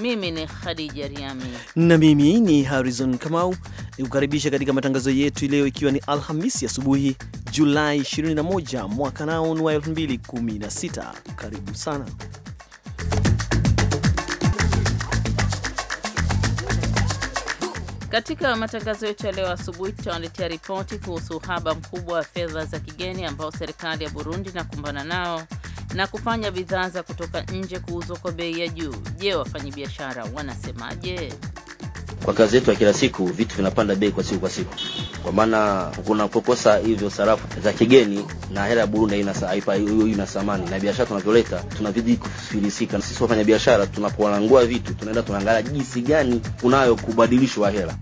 Mimi ni Khadija Riami na mimi ni Harrison Kamau, nikukaribisha katika matangazo yetu leo, ikiwa ni Alhamisi asubuhi Julai 21 mwaka nao wa 2016. Karibu sana Katika matangazo yetu ya leo asubuhi tutawaletea ripoti kuhusu uhaba mkubwa wa fedha za kigeni ambao serikali ya Burundi inakumbana nao na kufanya bidhaa za kutoka nje kuuzwa kwa bei ya juu. Je, wafanyabiashara wanasemaje? Kwa kazi yetu ya kila siku vitu vinapanda bei kwa siku kwa siku, kwa maana kukosa hivyo sarafu za kigeni na hela ya Burundi ina thamani na biashara tunavyoleta tunavidi kufilisika. Sisi biashara tunapoangua vitu tunaenda tunaangalia jinsi gani kunayo kubadilishwa hela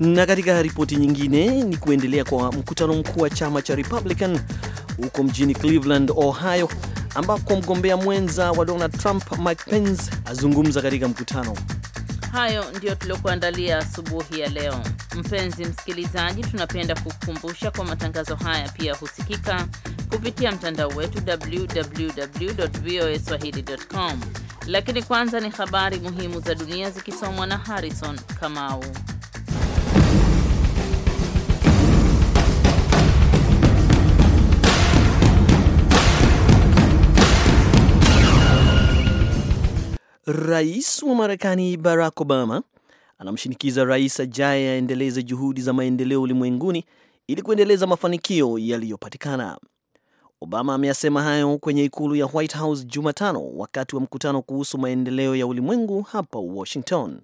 na katika ripoti nyingine ni kuendelea kwa mkutano mkuu wa chama cha Republican huko mjini Cleveland, Ohio, ambako mgombea mwenza wa Donald Trump Mike Pence azungumza katika mkutano. Hayo ndiyo tuliokuandalia asubuhi ya leo. Mpenzi msikilizaji, tunapenda kukukumbusha kwa matangazo haya pia husikika kupitia mtandao wetu www.voaswahili.com. Lakini kwanza ni habari muhimu za dunia zikisomwa na Harrison Kamau. Rais wa Marekani Barack Obama anamshinikiza rais ajaye aendeleze juhudi za maendeleo ulimwenguni ili kuendeleza mafanikio yaliyopatikana. Obama ameyasema hayo kwenye ikulu ya White House Jumatano wakati wa mkutano kuhusu maendeleo ya ulimwengu hapa Washington.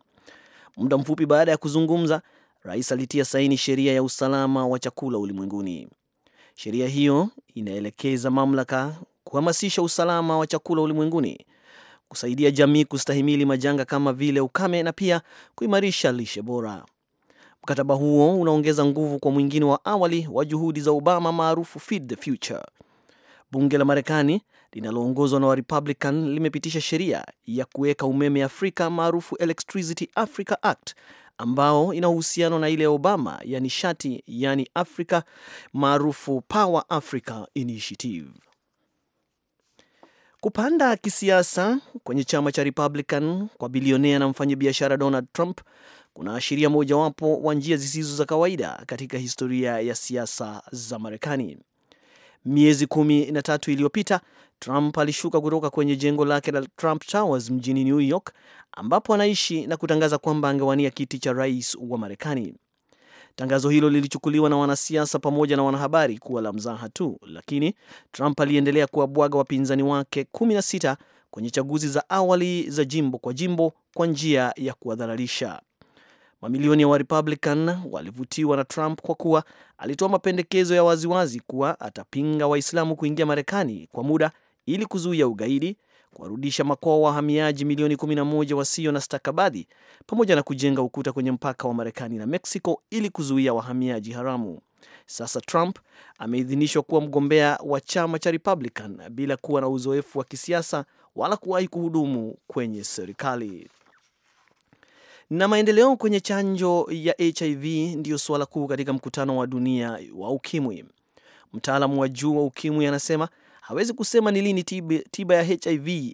Muda mfupi baada ya kuzungumza, rais alitia saini sheria ya usalama wa chakula ulimwenguni. Sheria hiyo inaelekeza mamlaka kuhamasisha usalama wa chakula ulimwenguni kusaidia jamii kustahimili majanga kama vile ukame na pia kuimarisha lishe bora. Mkataba huo unaongeza nguvu kwa mwingine wa awali wa juhudi za Obama maarufu Feed the Future. Bunge la Marekani linaloongozwa na Warepublican limepitisha sheria ya kuweka umeme Afrika maarufu Electricity Africa Act ambao ina uhusiano na ile ya Obama ya nishati, yani Africa maarufu Power Africa Initiative. Kupanda kisiasa kwenye chama cha Republican kwa bilionea na mfanyabiashara Donald Trump kunaashiria mojawapo wa njia zisizo za kawaida katika historia ya siasa za Marekani. Miezi kumi na tatu iliyopita Trump alishuka kutoka kwenye jengo lake la Trump Towers mjini New York ambapo anaishi na kutangaza kwamba angewania kiti cha rais wa Marekani. Tangazo hilo lilichukuliwa na wanasiasa pamoja na wanahabari kuwa la mzaha tu, lakini Trump aliendelea kuwabwaga wapinzani wake 16 kwenye chaguzi za awali za jimbo kwa jimbo kwa njia ya kuwadhararisha. Mamilioni ya Warepublican walivutiwa na Trump kwa kuwa alitoa mapendekezo ya waziwazi kuwa atapinga Waislamu kuingia Marekani kwa muda ili kuzuia ugaidi kuwarudisha makoa wahamiaji milioni 11 wasio na stakabadhi pamoja na kujenga ukuta kwenye mpaka wa Marekani na Mexico ili kuzuia wahamiaji haramu. Sasa Trump ameidhinishwa kuwa mgombea wa chama cha Republican bila kuwa na uzoefu wa kisiasa wala kuwahi kuhudumu kwenye serikali. Na maendeleo kwenye chanjo ya HIV ndiyo suala kuu katika mkutano wa dunia wa ukimwi. Mtaalamu wa juu wa ukimwi anasema hawezi kusema ni lini tiba ya HIV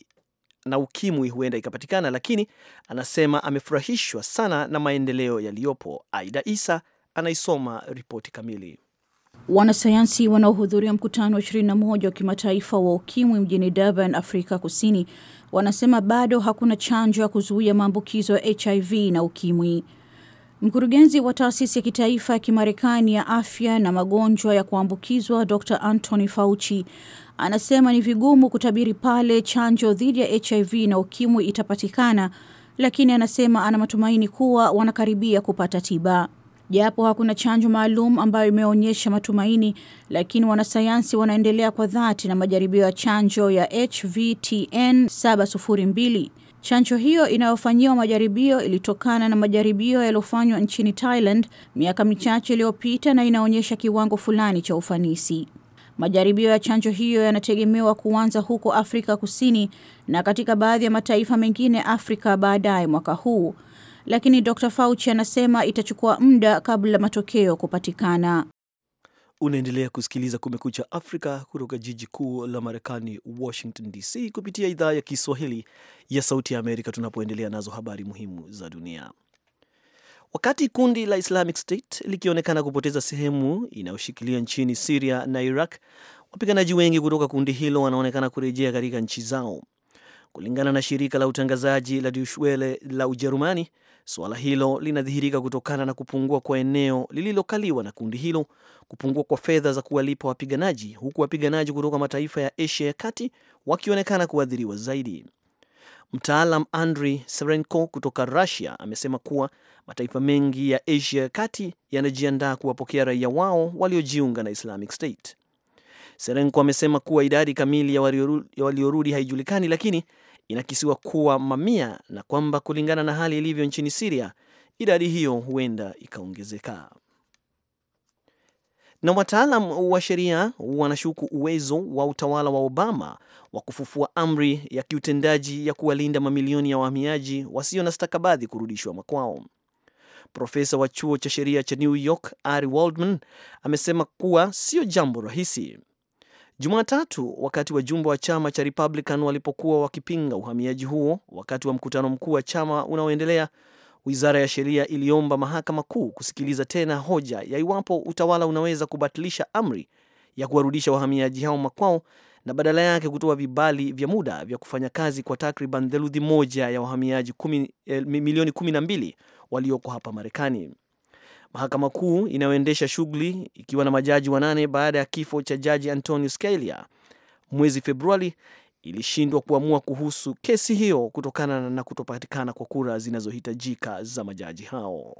na ukimwi huenda ikapatikana, lakini anasema amefurahishwa sana na maendeleo yaliyopo. Aida Isa anaisoma ripoti kamili. Wanasayansi wanaohudhuria mkutano wa 21 wa kimataifa wa ukimwi mjini Durban, Afrika Kusini, wanasema bado hakuna chanjo ya kuzuia maambukizo ya HIV na ukimwi. Mkurugenzi wa taasisi ya kitaifa ya Kimarekani ya afya na magonjwa ya kuambukizwa Dr Anthony Fauci anasema ni vigumu kutabiri pale chanjo dhidi ya HIV na ukimwi itapatikana, lakini anasema ana matumaini kuwa wanakaribia kupata tiba. Japo hakuna chanjo maalum ambayo imeonyesha matumaini, lakini wanasayansi wanaendelea kwa dhati na majaribio ya chanjo ya HVTN 702 Chanjo hiyo inayofanyiwa majaribio ilitokana na majaribio yaliyofanywa nchini Thailand miaka michache iliyopita na inaonyesha kiwango fulani cha ufanisi. Majaribio ya chanjo hiyo yanategemewa kuanza huko Afrika Kusini na katika baadhi ya mataifa mengine Afrika baadaye mwaka huu. Lakini Dr. Fauci anasema itachukua muda kabla matokeo kupatikana. Unaendelea kusikiliza Kumekucha Afrika kutoka jiji kuu la Marekani, Washington DC, kupitia idhaa ya Kiswahili ya Sauti ya Amerika, tunapoendelea nazo habari muhimu za dunia. Wakati kundi la Islamic State likionekana kupoteza sehemu inayoshikilia nchini Siria na Iraq, wapiganaji wengi kutoka kundi hilo wanaonekana kurejea katika nchi zao, kulingana na shirika la utangazaji la Deutsche Welle la Ujerumani. Suala hilo linadhihirika kutokana na kupungua kwa eneo lililokaliwa na kundi hilo, kupungua kwa fedha za kuwalipa wapiganaji, huku wapiganaji kutoka mataifa ya Asia ya kati wakionekana kuathiriwa zaidi. Mtaalam Andri Serenko kutoka Russia amesema kuwa mataifa mengi ya Asia ya kati yanajiandaa kuwapokea raia wao waliojiunga na Islamic State. Serenko amesema kuwa idadi kamili ya waliorudi haijulikani, lakini inakisiwa kuwa mamia na kwamba kulingana na hali ilivyo nchini Siria, idadi hiyo huenda ikaongezeka. Na wataalam wa sheria wanashuku uwezo wa utawala wa Obama wa kufufua amri ya kiutendaji ya kuwalinda mamilioni ya wahamiaji wasio na stakabadhi kurudishwa makwao. Profesa wa chuo cha sheria cha New York Ari Waldman amesema kuwa sio jambo rahisi Jumatatu wakati wajumbe wa chama cha Republican walipokuwa wakipinga uhamiaji huo wakati wa mkutano mkuu wa chama unaoendelea, wizara ya sheria iliomba mahakama kuu kusikiliza tena hoja ya iwapo utawala unaweza kubatilisha amri ya kuwarudisha wahamiaji hao makwao na badala yake kutoa vibali vya muda vya kufanya kazi kwa takriban theluthi moja ya wahamiaji eh, milioni kumi na mbili walioko hapa Marekani. Mahakama Kuu inayoendesha shughuli ikiwa na majaji wanane baada ya kifo cha jaji Antonio Scalia mwezi Februari ilishindwa kuamua kuhusu kesi hiyo kutokana na kutopatikana kwa kura zinazohitajika za majaji hao.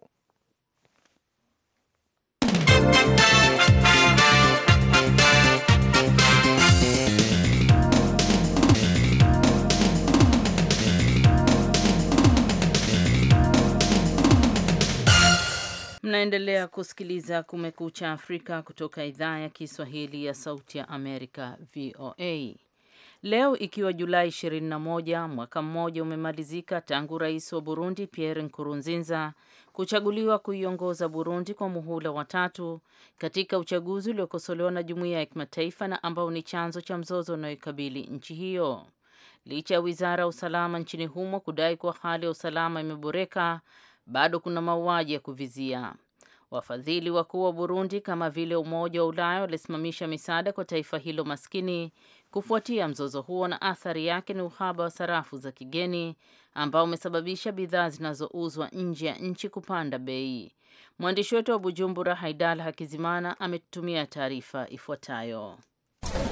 Mnaendelea kusikiliza Kumekucha Afrika kutoka idhaa ya Kiswahili ya Sauti ya Amerika, VOA. Leo ikiwa Julai 21, mwaka mmoja umemalizika tangu rais wa Burundi Pierre Nkurunziza kuchaguliwa kuiongoza Burundi kwa muhula wa tatu katika uchaguzi uliokosolewa na jumuiya ya kimataifa na ambao ni chanzo cha mzozo unaoikabili nchi hiyo. Licha ya wizara ya usalama nchini humo kudai kuwa hali ya usalama imeboreka, bado kuna mauaji ya kuvizia. Wafadhili wakuu wa Burundi kama vile Umoja wa Ulaya walisimamisha misaada kwa taifa hilo maskini kufuatia mzozo huo, na athari yake ni uhaba wa sarafu za kigeni ambao umesababisha bidhaa zinazouzwa nje ya nchi kupanda bei. Mwandishi wetu wa Bujumbura, Haidal Hakizimana, ametutumia taarifa ifuatayo.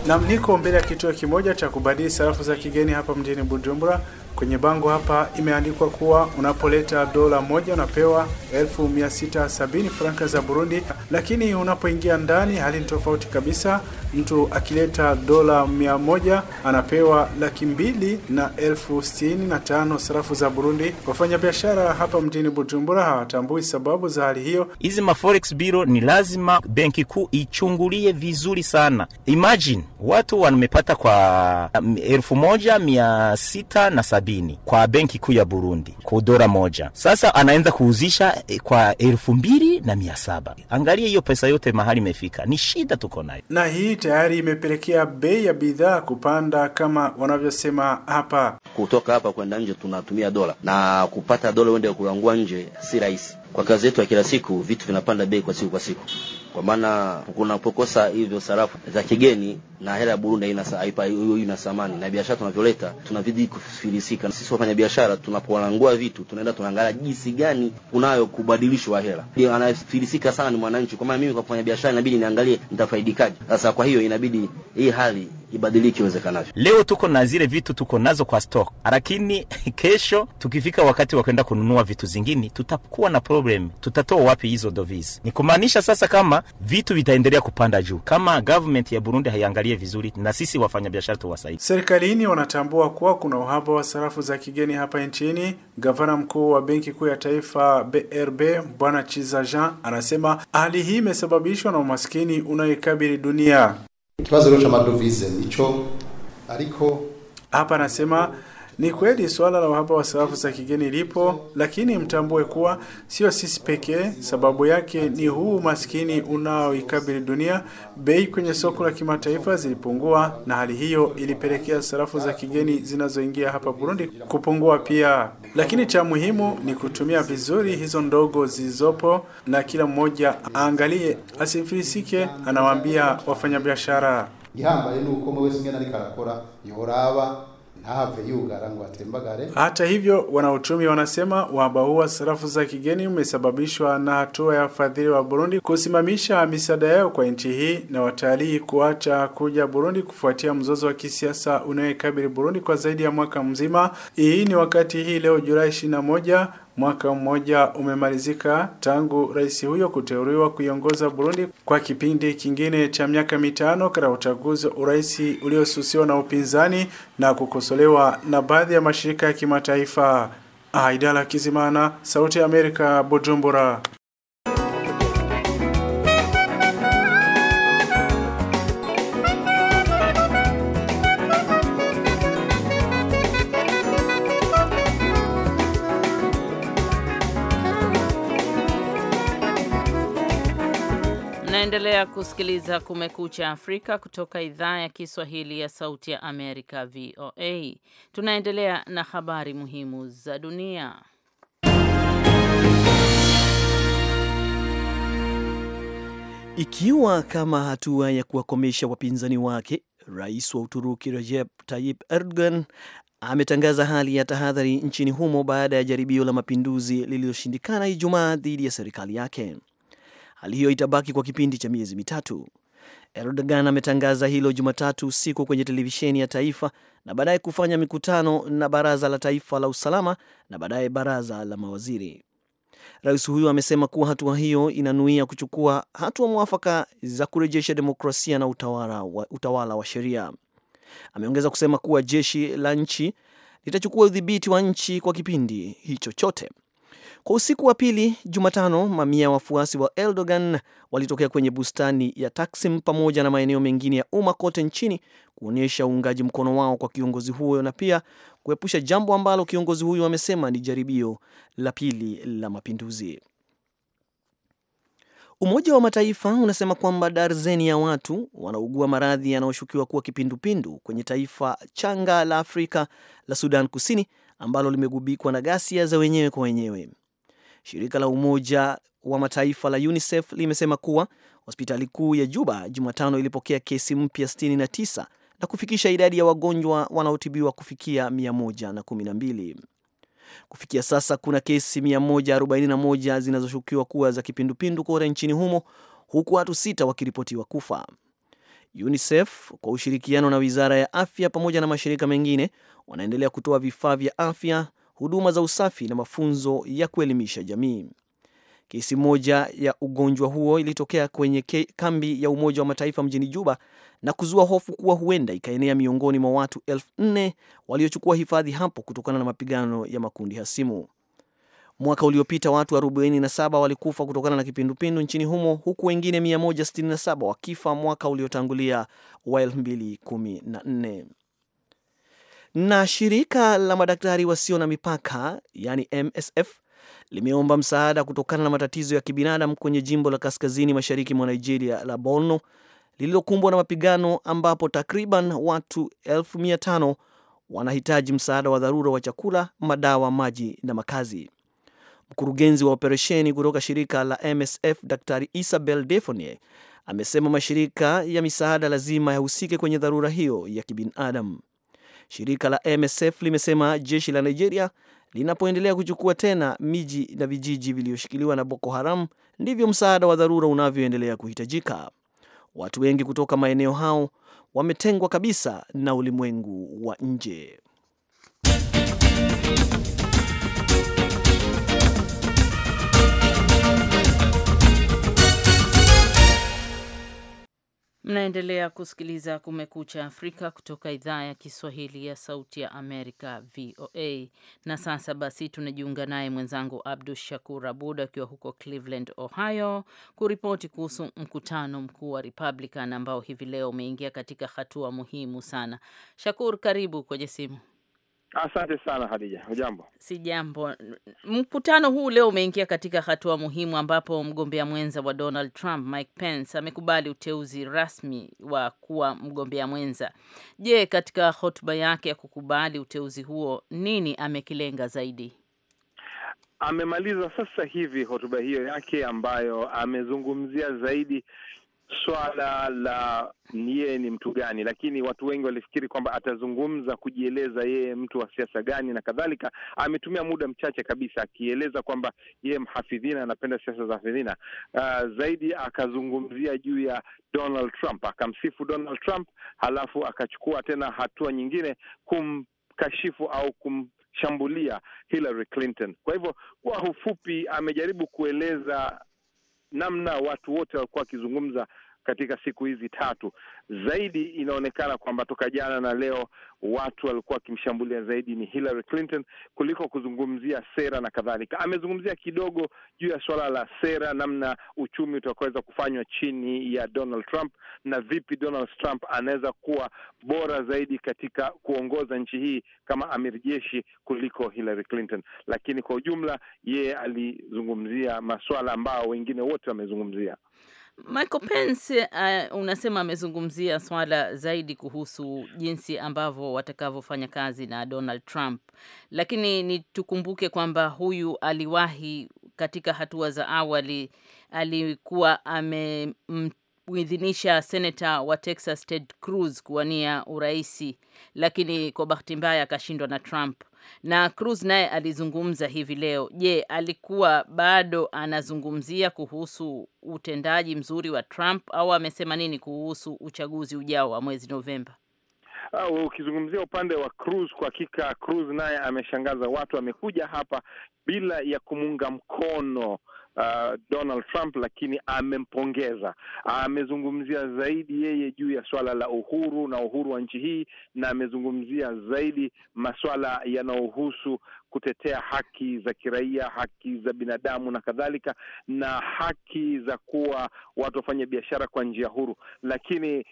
Na niko mbele ya kituo kimoja cha kubadili sarafu za kigeni hapa mjini Bujumbura. Kwenye bango hapa imeandikwa kuwa unapoleta dola moja unapewa 1670 franka za Burundi, lakini unapoingia ndani hali ni tofauti kabisa. Mtu akileta dola mia moja anapewa laki mbili na elfu sitini na tano sarafu za Burundi. Wafanyabiashara hapa mjini Bujumbura hawatambui sababu za hali hiyo. Hizi ma forex bureau ni lazima benki kuu ichungulie vizuri sana. Imagine watu wamepata kwa um, elfu moja mia sita na sabini kwa benki kuu ya Burundi kwa dora moja. Sasa anaenza kuuzisha eh, kwa elfu mbili na mia saba. Angalia hiyo pesa yote mahali imefika, ni shida tuko nayo, na hii tayari imepelekea bei ya bidhaa kupanda kama wanavyosema hapa. Kutoka hapa kwenda nje tunatumia dola, na kupata dola uende kulangua nje si rahisi. Kwa kazi yetu ya kila siku, vitu vinapanda bei kwa siku kwa siku kwa maana kunapokosa hivyo sarafu za kigeni na hela ya Burundi ina hiyo ina thamani na biashara tunavyoleta tunavidi kufilisika. Sisi wafanya biashara tunapolangua vitu tunaenda tunaangalia jinsi gani kunayo kubadilishwa hela. Ndio Anafilisika sana ni mwananchi, kwa maana mimi kwa kufanya biashara inabidi niangalie nitafaidikaje. Sasa kwa hiyo inabidi hii hali ibadilike iwezekanavyo. Leo tuko na zile vitu tuko nazo kwa stock, lakini kesho tukifika wakati wa kwenda kununua vitu zingine tutakuwa na problem, tutatoa wapi hizo dovis? Ni kumaanisha sasa kama vitu vitaendelea kupanda juu kama government ya Burundi haiangalie vizuri, na sisi wafanyabiashara tuwasaidie. Serikalini wanatambua kuwa kuna uhaba wa sarafu za kigeni hapa nchini. Gavana mkuu wa Benki Kuu ya Taifa BRB Bwana Chiza Jean anasema hali hii imesababishwa na umaskini unayoikabili dunia. hapa anasema ni kweli suala la uhaba wa sarafu za kigeni lipo, lakini mtambue kuwa sio sisi pekee. Sababu yake ni huu umaskini unaoikabili dunia. Bei kwenye soko la kimataifa zilipungua, na hali hiyo ilipelekea sarafu za kigeni zinazoingia hapa Burundi kupungua pia. Lakini cha muhimu ni kutumia vizuri hizo ndogo zilizopo, na kila mmoja aangalie, asifilisike, anawaambia wafanyabiashara ihambaye nuko yoraba hata hivyo, wanauchumi wanasema uhaba huu wa sarafu za kigeni umesababishwa na hatua ya wafadhili wa Burundi kusimamisha misaada yao kwa nchi hii na watalii kuacha kuja Burundi kufuatia mzozo wa kisiasa unaoikabili Burundi kwa zaidi ya mwaka mzima. Hii ni wakati hii leo Julai 21 Mwaka mmoja umemalizika tangu rais huyo kuteuliwa kuiongoza Burundi kwa kipindi kingine cha miaka mitano katika uchaguzi wa urais uliosusiwa na upinzani na kukosolewa na baadhi ya mashirika ya kimataifa. Aidala Kizimana, Sauti ya Amerika, Bujumbura. Unaendelea kusikiliza Kumekucha Afrika kutoka idhaa ya Kiswahili ya Sauti ya Amerika, VOA. Tunaendelea na habari muhimu za dunia. Ikiwa kama hatua ya kuwakomesha wapinzani wake, rais wa Uturuki Recep Tayyip Erdogan ametangaza hali ya tahadhari nchini humo baada ya jaribio la mapinduzi lililoshindikana Ijumaa dhidi ya serikali yake. Hali hiyo itabaki kwa kipindi cha miezi mitatu. Erdogan ametangaza hilo Jumatatu usiku kwenye televisheni ya taifa na baadaye kufanya mikutano na baraza la taifa la usalama na baadaye baraza la mawaziri. Rais huyo amesema kuwa hatua hiyo inanuia kuchukua hatua mwafaka za kurejesha demokrasia na utawala wa, utawala wa sheria. Ameongeza kusema kuwa jeshi la nchi litachukua udhibiti wa nchi kwa kipindi hicho chote. Kwa usiku wa pili Jumatano, mamia wafuasi wa Erdogan walitokea kwenye bustani ya Taksim pamoja na maeneo mengine ya umma kote nchini kuonyesha uungaji mkono wao kwa kiongozi huyo na pia kuepusha jambo ambalo kiongozi huyo amesema ni jaribio la pili la mapinduzi. Umoja wa Mataifa unasema kwamba darzeni ya watu wanaugua maradhi yanayoshukiwa kuwa kipindupindu kwenye taifa changa la Afrika la Sudan Kusini ambalo limegubikwa na ghasia za wenyewe kwa wenyewe. Shirika la Umoja wa Mataifa la UNICEF limesema kuwa hospitali kuu ya Juba Jumatano ilipokea kesi mpya 69 na kufikisha idadi ya wagonjwa wanaotibiwa kufikia 112. Kufikia sasa kuna kesi 141 zinazoshukiwa kuwa za kipindupindu kote nchini humo huku watu sita wakiripotiwa kufa. UNICEF kwa ushirikiano na Wizara ya Afya pamoja na mashirika mengine wanaendelea kutoa vifaa vya afya huduma za usafi na mafunzo ya kuelimisha jamii. Kesi moja ya ugonjwa huo ilitokea kwenye kambi ya Umoja wa Mataifa mjini Juba na kuzua hofu kuwa huenda ikaenea miongoni mwa watu elfu nne waliochukua hifadhi hapo kutokana na mapigano ya makundi hasimu. Mwaka uliopita watu 47 walikufa kutokana na kipindupindu nchini humo huku wengine 167 wakifa mwaka uliotangulia wa 2014. Na shirika la madaktari wasio na mipaka yani MSF limeomba msaada kutokana na matatizo ya kibinadamu kwenye jimbo la kaskazini mashariki mwa Nigeria la Borno lililokumbwa na mapigano ambapo takriban watu 5 wanahitaji msaada wa dharura wa chakula, madawa, maji na makazi. Mkurugenzi wa operesheni kutoka shirika la MSF Daktari Isabel defone amesema mashirika ya misaada lazima yahusike kwenye dharura hiyo ya kibinadamu. Shirika la MSF limesema jeshi la Nigeria linapoendelea kuchukua tena miji na vijiji vilivyoshikiliwa na Boko Haram ndivyo msaada wa dharura unavyoendelea kuhitajika. Watu wengi kutoka maeneo hao wametengwa kabisa na ulimwengu wa nje. Mnaendelea kusikiliza Kumekucha Afrika kutoka idhaa ya Kiswahili ya Sauti ya Amerika, VOA. Na sasa basi tunajiunga naye mwenzangu Abdu Shakur Abud akiwa huko Cleveland, Ohio, kuripoti kuhusu mkutano mkuu wa Republican ambao hivi leo umeingia katika hatua muhimu sana. Shakur, karibu kwenye simu. Asante sana Hadija, hujambo? Si jambo. Mkutano huu leo umeingia katika hatua muhimu ambapo mgombea mwenza wa Donald Trump Mike Pence amekubali uteuzi rasmi wa kuwa mgombea mwenza. Je, katika hotuba yake ya kukubali uteuzi huo, nini amekilenga zaidi? Amemaliza sasa hivi hotuba hiyo yake ambayo amezungumzia zaidi swala la ni yeye ni mtu gani, lakini watu wengi walifikiri kwamba atazungumza kujieleza yeye mtu wa siasa gani na kadhalika. Ametumia muda mchache kabisa akieleza kwamba yeye mhafidhina, anapenda siasa za hafidhina. Uh, zaidi akazungumzia juu ya Donald Trump, akamsifu Donald Trump, halafu akachukua tena hatua nyingine kumkashifu au kum shambulia Hillary Clinton. Kwa hivyo kwa ufupi, amejaribu kueleza namna watu wote walikuwa wakizungumza katika siku hizi tatu zaidi. Inaonekana kwamba toka jana na leo watu walikuwa wakimshambulia zaidi ni Hillary Clinton kuliko kuzungumzia sera na kadhalika. Amezungumzia kidogo juu ya suala la sera, namna uchumi utakaweza kufanywa chini ya Donald Trump na vipi Donald Trump anaweza kuwa bora zaidi katika kuongoza nchi hii kama amiri jeshi kuliko Hillary Clinton, lakini kwa ujumla yeye alizungumzia masuala ambayo wengine wote wamezungumzia. Michael Pence uh, unasema amezungumzia swala zaidi kuhusu jinsi ambavyo watakavyofanya kazi na Donald Trump, lakini ni tukumbuke kwamba huyu aliwahi katika hatua za awali alikuwa ame kuidhinisha seneta wa Texas Ted Cruz kuwania uraisi, lakini kwa bahati mbaya akashindwa na Trump. Na Cruz naye alizungumza hivi leo. Je, alikuwa bado anazungumzia kuhusu utendaji mzuri wa Trump au amesema nini kuhusu uchaguzi ujao wa mwezi Novemba? Ah, ukizungumzia upande wa Cruz, kwa hakika Cruz naye ameshangaza watu. Amekuja hapa bila ya kumuunga mkono uh, Donald Trump, lakini amempongeza, amezungumzia zaidi yeye juu ya swala la uhuru na uhuru wa nchi hii, na amezungumzia zaidi maswala yanayohusu kutetea haki za kiraia, haki za binadamu na kadhalika, na haki za kuwa watu wafanye biashara kwa njia huru. Lakini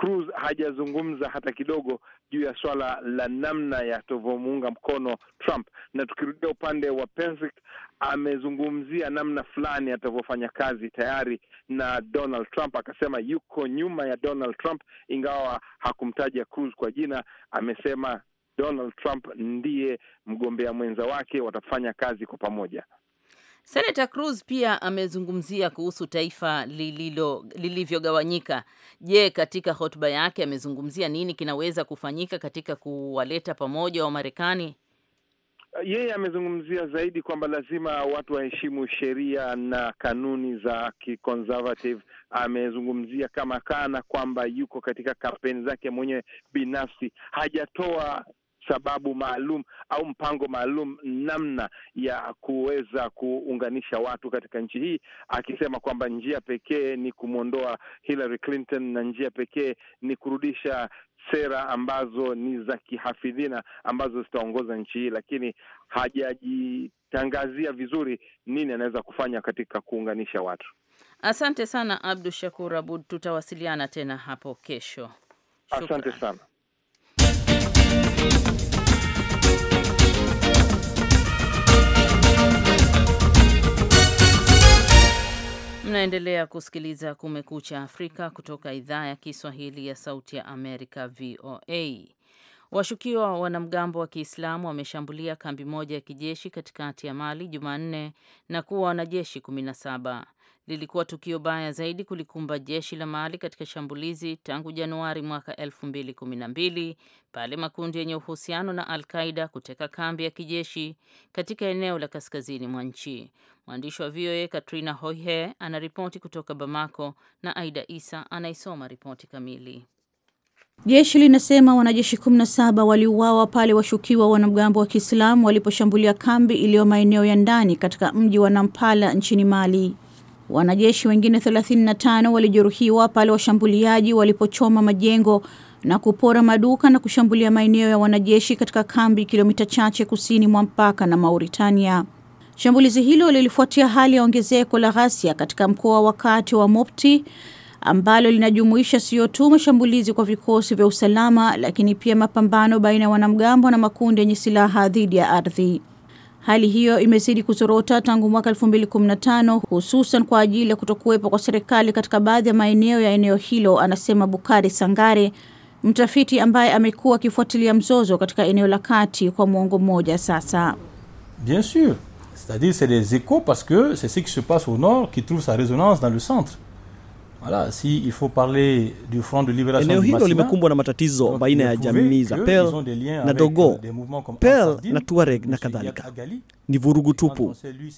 Cruz hajazungumza hata kidogo juu ya swala la namna yatavyomuunga mkono Trump, na tukirudia upande wa Pence amezungumzia namna fulani atavyofanya kazi tayari na Donald Trump, akasema yuko nyuma ya Donald Trump, ingawa hakumtaja Cruz kwa jina. Amesema Donald Trump ndiye mgombea mwenza wake, watafanya kazi kwa pamoja. Senata Cruz pia amezungumzia kuhusu taifa lililo lilivyogawanyika. Je, katika hotuba yake amezungumzia nini kinaweza kufanyika katika kuwaleta pamoja wa Marekani? Yeye amezungumzia zaidi kwamba lazima watu waheshimu sheria na kanuni za kiconservative. Amezungumzia kama kana kwamba yuko katika kampeni zake mwenyewe binafsi. Hajatoa sababu maalum au mpango maalum namna ya kuweza kuunganisha watu katika nchi hii, akisema kwamba njia pekee ni kumwondoa Hillary Clinton na njia pekee ni kurudisha sera ambazo ni za kihafidhina ambazo zitaongoza nchi hii, lakini hajajitangazia vizuri nini anaweza kufanya katika kuunganisha watu. Asante sana Abdu Shakur Abud, tutawasiliana tena hapo kesho. Asante sana. Mnaendelea kusikiliza Kumekucha Afrika kutoka idhaa ya Kiswahili ya Sauti ya Amerika, VOA. Washukiwa wanamgambo wa Kiislamu wameshambulia kambi moja ya kijeshi katikati ya Mali Jumanne na kuwa wanajeshi saba lilikuwa tukio baya zaidi kulikumba jeshi la Mali katika shambulizi tangu Januari mwaka 2012 pale makundi yenye uhusiano na Al-Qaida kuteka kambi ya kijeshi katika eneo la kaskazini mwa nchi. Mwandishi wa VOA Katrina Hoihe anaripoti kutoka Bamako na Aida Isa anaisoma ripoti kamili. Jeshi linasema wanajeshi 17 waliuawa pale washukiwa wanamgambo wa Kiislamu waliposhambulia kambi iliyo maeneo ya ndani katika mji wa Nampala nchini Mali. Wanajeshi wengine 35 walijeruhiwa pale washambuliaji walipochoma majengo na kupora maduka na kushambulia maeneo ya wanajeshi katika kambi kilomita chache kusini mwa mpaka na Mauritania. Shambulizi hilo lilifuatia hali ya ongezeko la ghasia katika mkoa wa kati wa Mopti ambalo linajumuisha sio tu mashambulizi kwa vikosi vya usalama lakini pia mapambano baina ya wanamgambo na makundi yenye silaha dhidi ya ardhi. Hali hiyo imezidi kuzorota tangu mwaka 2015 hususan kwa ajili ya kutokuwepo kwa serikali katika baadhi ya maeneo ya eneo hilo, anasema Bukari Sangare, mtafiti ambaye amekuwa akifuatilia mzozo katika eneo la kati kwa mwongo mmoja sasa. Bien sûr, c'est-à-dire c'est les échos parce que c'est ce qui se passe au nord qui trouve sa résonance dans le centre. Voilà, si il faut parler du front de libération eneo hilo limekumbwa na matatizo baina ya jamii za Pel na Dogo, euh, Pel na Tuareg na kadhalika. Ni vurugu tupu.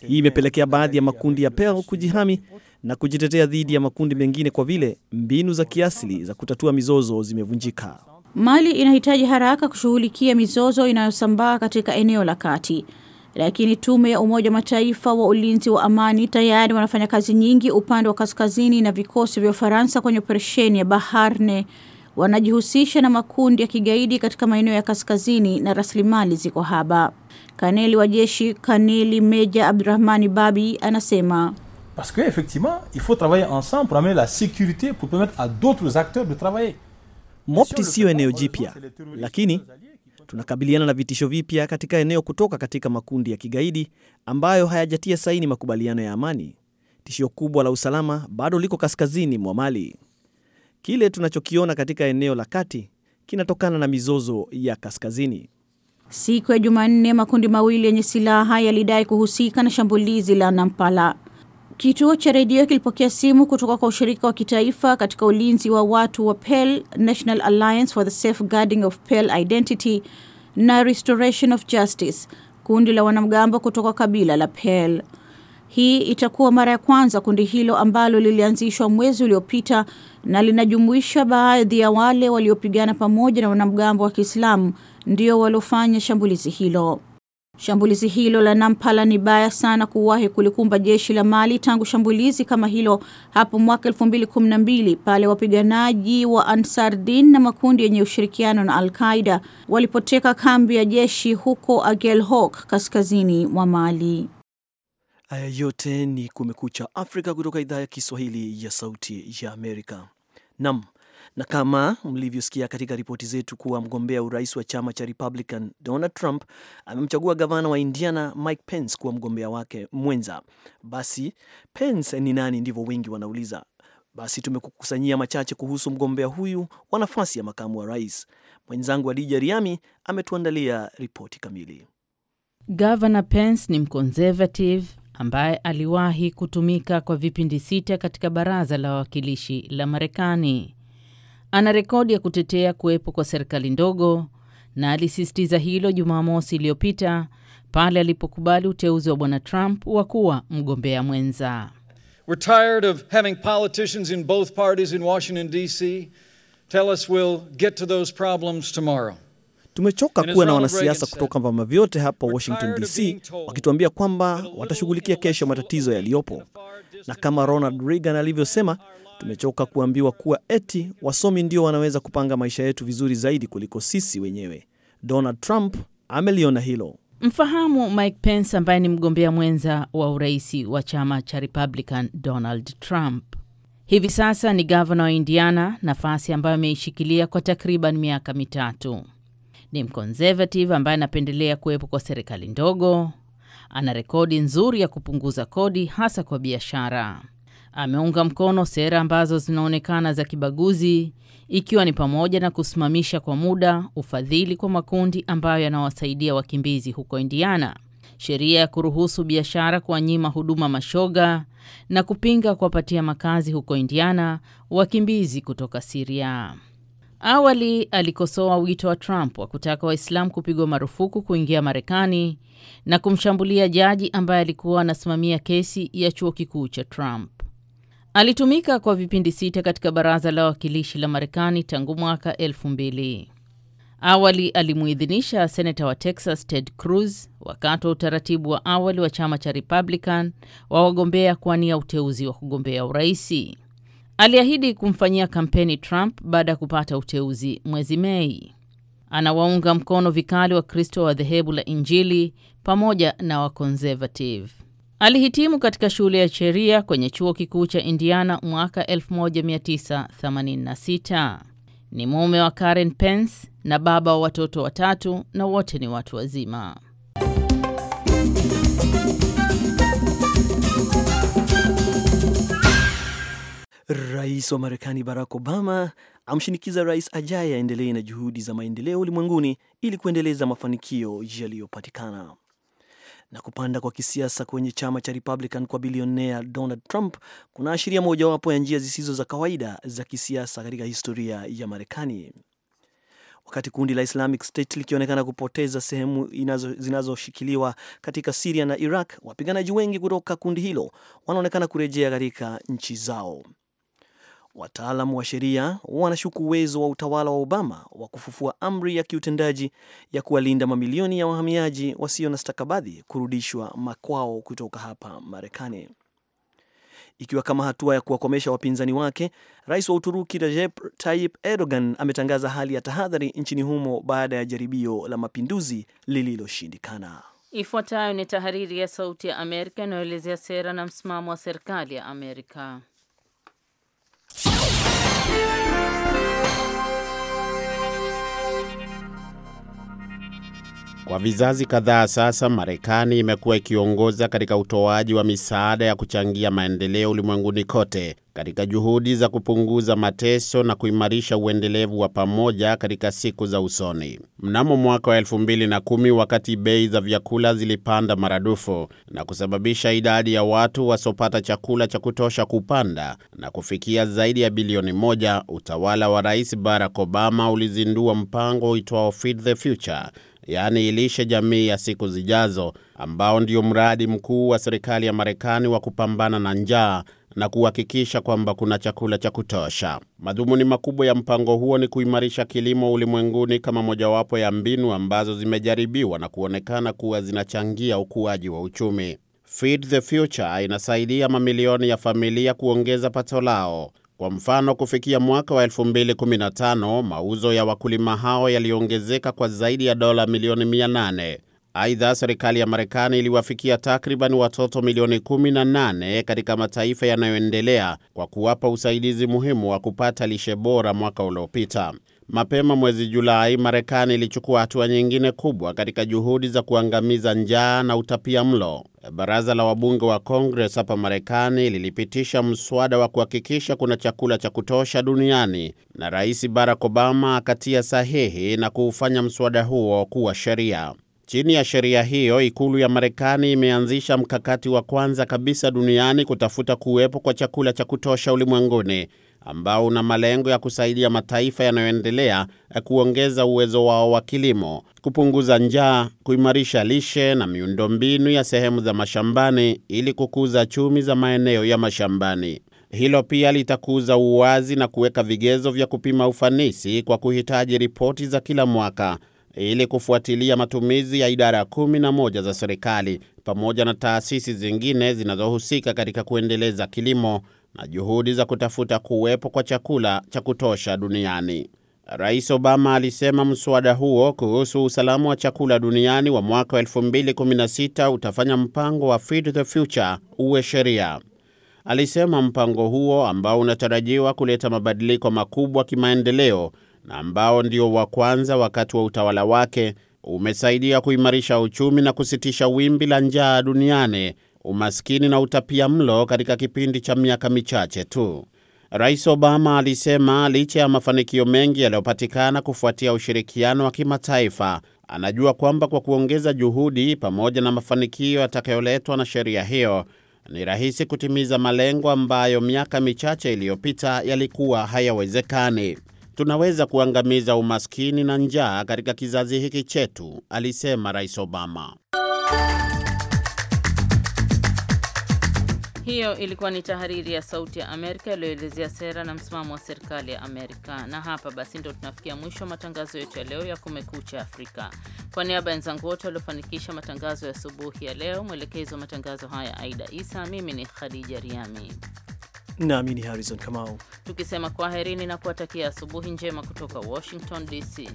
Hii imepelekea baadhi ya makundi ya Pel kujihami na kujitetea dhidi ya makundi mengine kwa vile mbinu za kiasili za kutatua mizozo zimevunjika. Mali inahitaji haraka kushughulikia mizozo inayosambaa katika eneo la kati lakini tume ya Umoja wa Mataifa wa ulinzi wa amani tayari wanafanya kazi nyingi upande wa kaskazini, na vikosi vya Ufaransa kwenye operesheni ya Baharne wanajihusisha na makundi ya kigaidi katika maeneo ya kaskazini na rasilimali ziko haba. Kaneli wa jeshi Kaneli Meja Abdurahmani Babi anasema Parce que effectivement, il faut travailler ensemble pour amener la sécurité pour permettre à d'autres acteurs de travailler. Mopti siyo eneo jipya, lakini tunakabiliana na vitisho vipya katika eneo kutoka katika makundi ya kigaidi ambayo hayajatia saini makubaliano ya amani. Tishio kubwa la usalama bado liko kaskazini mwa Mali. Kile tunachokiona katika eneo la kati kinatokana na mizozo ya kaskazini. Siku ya Jumanne, makundi mawili yenye silaha yalidai kuhusika na shambulizi la Nampala. Kituo cha redio kilipokea simu kutoka kwa ushirika wa kitaifa katika ulinzi wa watu wa Pell, National Alliance for the Safeguarding of Pell Identity na Restoration of Justice, kundi la wanamgambo kutoka kabila la pel Hii itakuwa mara ya kwanza kundi hilo ambalo lilianzishwa mwezi uliopita na linajumuisha baadhi ya wale waliopigana pamoja na wanamgambo wa Kiislamu ndio waliofanya shambulizi hilo. Shambulizi hilo la Nampala ni baya sana kuwahi kulikumba jeshi la Mali tangu shambulizi kama hilo hapo mwaka 2012 pale wapiganaji wa Ansar Din na makundi yenye ushirikiano na Al-Qaeda walipoteka kambi ya jeshi huko Aguelhok kaskazini mwa Mali. Haya yote ni Kumekucha Afrika kutoka idhaa ya Kiswahili ya Sauti ya Amerika. Nam na kama mlivyosikia katika ripoti zetu kuwa mgombea urais wa chama cha Republican Donald Trump amemchagua gavana wa Indiana Mike Pence kuwa mgombea wake mwenza. Basi Pence ni nani? Ndivyo wengi wanauliza. Basi tumekukusanyia machache kuhusu mgombea huyu wa nafasi ya makamu wa rais. Mwenzangu Adija Riami ametuandalia ripoti kamili. Gavana Pence ni mconservative ambaye aliwahi kutumika kwa vipindi sita katika baraza la wawakilishi la Marekani ana rekodi ya kutetea kuwepo kwa serikali ndogo na alisisitiza hilo Jumamosi iliyopita pale alipokubali uteuzi wa bwana Trump wa kuwa mgombea mwenza. We're tired of having politicians in both parties in Washington DC tell us we'll get to those problems tomorrow. Tumechoka kuwa na wanasiasa kutoka vyama vyote hapa Washington DC wakituambia kwamba watashughulikia kesho matatizo yaliyopo, na kama Ronald Reagan alivyosema, tumechoka kuambiwa kuwa eti wasomi ndio wanaweza kupanga maisha yetu vizuri zaidi kuliko sisi wenyewe. Donald Trump ameliona hilo. Mfahamu Mike Pence ambaye ni mgombea mwenza wa uraisi wa chama cha Republican Donald Trump hivi sasa ni gavana wa Indiana, nafasi ambayo ameishikilia kwa takriban miaka mitatu. Ni mkonservative ambaye anapendelea kuwepo kwa serikali ndogo. Ana rekodi nzuri ya kupunguza kodi hasa kwa biashara. Ameunga mkono sera ambazo zinaonekana za kibaguzi, ikiwa ni pamoja na kusimamisha kwa muda ufadhili kwa makundi ambayo yanawasaidia wakimbizi huko Indiana, sheria ya kuruhusu biashara kuwanyima huduma mashoga na kupinga kuwapatia makazi huko Indiana wakimbizi kutoka Siria. Awali alikosoa wito wa Trump wa kutaka Waislamu kupigwa marufuku kuingia Marekani na kumshambulia jaji ambaye alikuwa anasimamia kesi ya chuo kikuu cha Trump. Alitumika kwa vipindi sita katika baraza la wawakilishi la Marekani tangu mwaka elfu mbili. Awali alimuidhinisha seneta wa Texas Ted Cruz wakati wa utaratibu wa awali wa chama cha Republican wa wagombea kuwania uteuzi wa kugombea uraisi aliahidi kumfanyia kampeni Trump baada ya kupata uteuzi mwezi Mei. Anawaunga mkono vikali wa kristo wa dhehebu la Injili pamoja na wakonservative. Alihitimu katika shule ya sheria kwenye chuo kikuu cha Indiana mwaka 1986. Ni mume wa Karen Pence na baba wa watoto watatu na wote ni watu wazima. Rais wa Marekani Barack Obama amshinikiza rais ajaye aendelee na juhudi za maendeleo ulimwenguni ili kuendeleza mafanikio yaliyopatikana. Na kupanda kwa kisiasa kwenye chama cha Republican kwa bilionea Donald Trump kunaashiria mojawapo ya njia zisizo za kawaida za kisiasa katika historia ya Marekani. Wakati kundi la Islamic State likionekana kupoteza sehemu zinazoshikiliwa katika Siria na Iraq, wapiganaji wengi kutoka kundi hilo wanaonekana kurejea katika nchi zao. Wataalam wa sheria wanashuku uwezo wa utawala wa Obama wa kufufua amri ya kiutendaji ya kuwalinda mamilioni ya wahamiaji wasio na stakabadhi kurudishwa makwao kutoka hapa Marekani. Ikiwa kama hatua ya kuwakomesha wapinzani wake, rais wa Uturuki Recep Tayyip Erdogan ametangaza hali ya tahadhari nchini humo baada ya jaribio la mapinduzi lililoshindikana. Ifuatayo ni tahariri ya Sauti ya Amerika inayoelezea sera na msimamo wa serikali ya Amerika. Kwa vizazi kadhaa sasa, Marekani imekuwa ikiongoza katika utoaji wa misaada ya kuchangia maendeleo ulimwenguni kote katika juhudi za kupunguza mateso na kuimarisha uendelevu wa pamoja katika siku za usoni. Mnamo mwaka wa 2010 wakati bei za vyakula zilipanda maradufu na kusababisha idadi ya watu wasiopata chakula cha kutosha kupanda na kufikia zaidi ya bilioni moja, utawala wa Rais Barack Obama ulizindua mpango uitwao Feed the Future yaani ilishe jamii ya siku zijazo, ambao ndio mradi mkuu wa serikali ya Marekani wa kupambana na njaa na kuhakikisha kwamba kuna chakula cha kutosha. Madhumuni makubwa ya mpango huo ni kuimarisha kilimo ulimwenguni kama mojawapo ya mbinu ambazo zimejaribiwa na kuonekana kuwa zinachangia ukuaji wa uchumi. Feed the Future inasaidia mamilioni ya familia kuongeza pato lao. Kwa mfano, kufikia mwaka wa 2015 mauzo ya wakulima hao yaliongezeka kwa zaidi ya dola milioni 800. Aidha, serikali ya Marekani iliwafikia takriban watoto milioni 18 katika mataifa yanayoendelea kwa kuwapa usaidizi muhimu wa kupata lishe bora mwaka uliopita. Mapema mwezi Julai, Marekani ilichukua hatua nyingine kubwa katika juhudi za kuangamiza njaa na utapia mlo. Baraza la wabunge wa Congress hapa Marekani lilipitisha mswada wa kuhakikisha kuna chakula cha kutosha duniani, na Rais Barack Obama akatia sahihi na kuufanya mswada huo kuwa sheria. Chini ya sheria hiyo, ikulu ya Marekani imeanzisha mkakati wa kwanza kabisa duniani kutafuta kuwepo kwa chakula cha kutosha ulimwenguni ambao una malengo ya kusaidia mataifa yanayoendelea kuongeza uwezo wao wa kilimo, kupunguza njaa, kuimarisha lishe na miundombinu ya sehemu za mashambani ili kukuza chumi za maeneo ya mashambani. Hilo pia litakuza uwazi na kuweka vigezo vya kupima ufanisi kwa kuhitaji ripoti za kila mwaka ili kufuatilia matumizi ya idara kumi na moja za serikali pamoja na taasisi zingine zinazohusika katika kuendeleza kilimo na juhudi za kutafuta kuwepo kwa chakula cha kutosha duniani. Rais Obama alisema mswada huo kuhusu usalama wa chakula duniani wa mwaka wa 2016 utafanya mpango wa Feed the Future uwe sheria. Alisema mpango huo ambao unatarajiwa kuleta mabadiliko makubwa kimaendeleo na ambao ndio wa kwanza wakati wa utawala wake umesaidia kuimarisha uchumi na kusitisha wimbi la njaa duniani umaskini na utapia mlo katika kipindi cha miaka michache tu. Rais Obama alisema licha ya mafanikio mengi yaliyopatikana kufuatia ushirikiano wa kimataifa, anajua kwamba kwa kuongeza juhudi pamoja na mafanikio yatakayoletwa na sheria hiyo, ni rahisi kutimiza malengo ambayo miaka michache iliyopita yalikuwa hayawezekani. Tunaweza kuangamiza umaskini na njaa katika kizazi hiki chetu, alisema Rais Obama. Hiyo ilikuwa ni tahariri ya Sauti ya Amerika iliyoelezea sera na msimamo wa serikali ya Amerika. Na hapa basi ndo tunafikia mwisho wa matangazo yetu ya leo ya Kumekucha Afrika. Kwa niaba ya wenzangu wote waliofanikisha matangazo ya asubuhi ya leo, mwelekezi wa matangazo haya Aida Isa, mimi ni Khadija Riami nami ni Harrison Kamau, tukisema kwaherini na kuwatakia asubuhi njema kutoka Washington DC.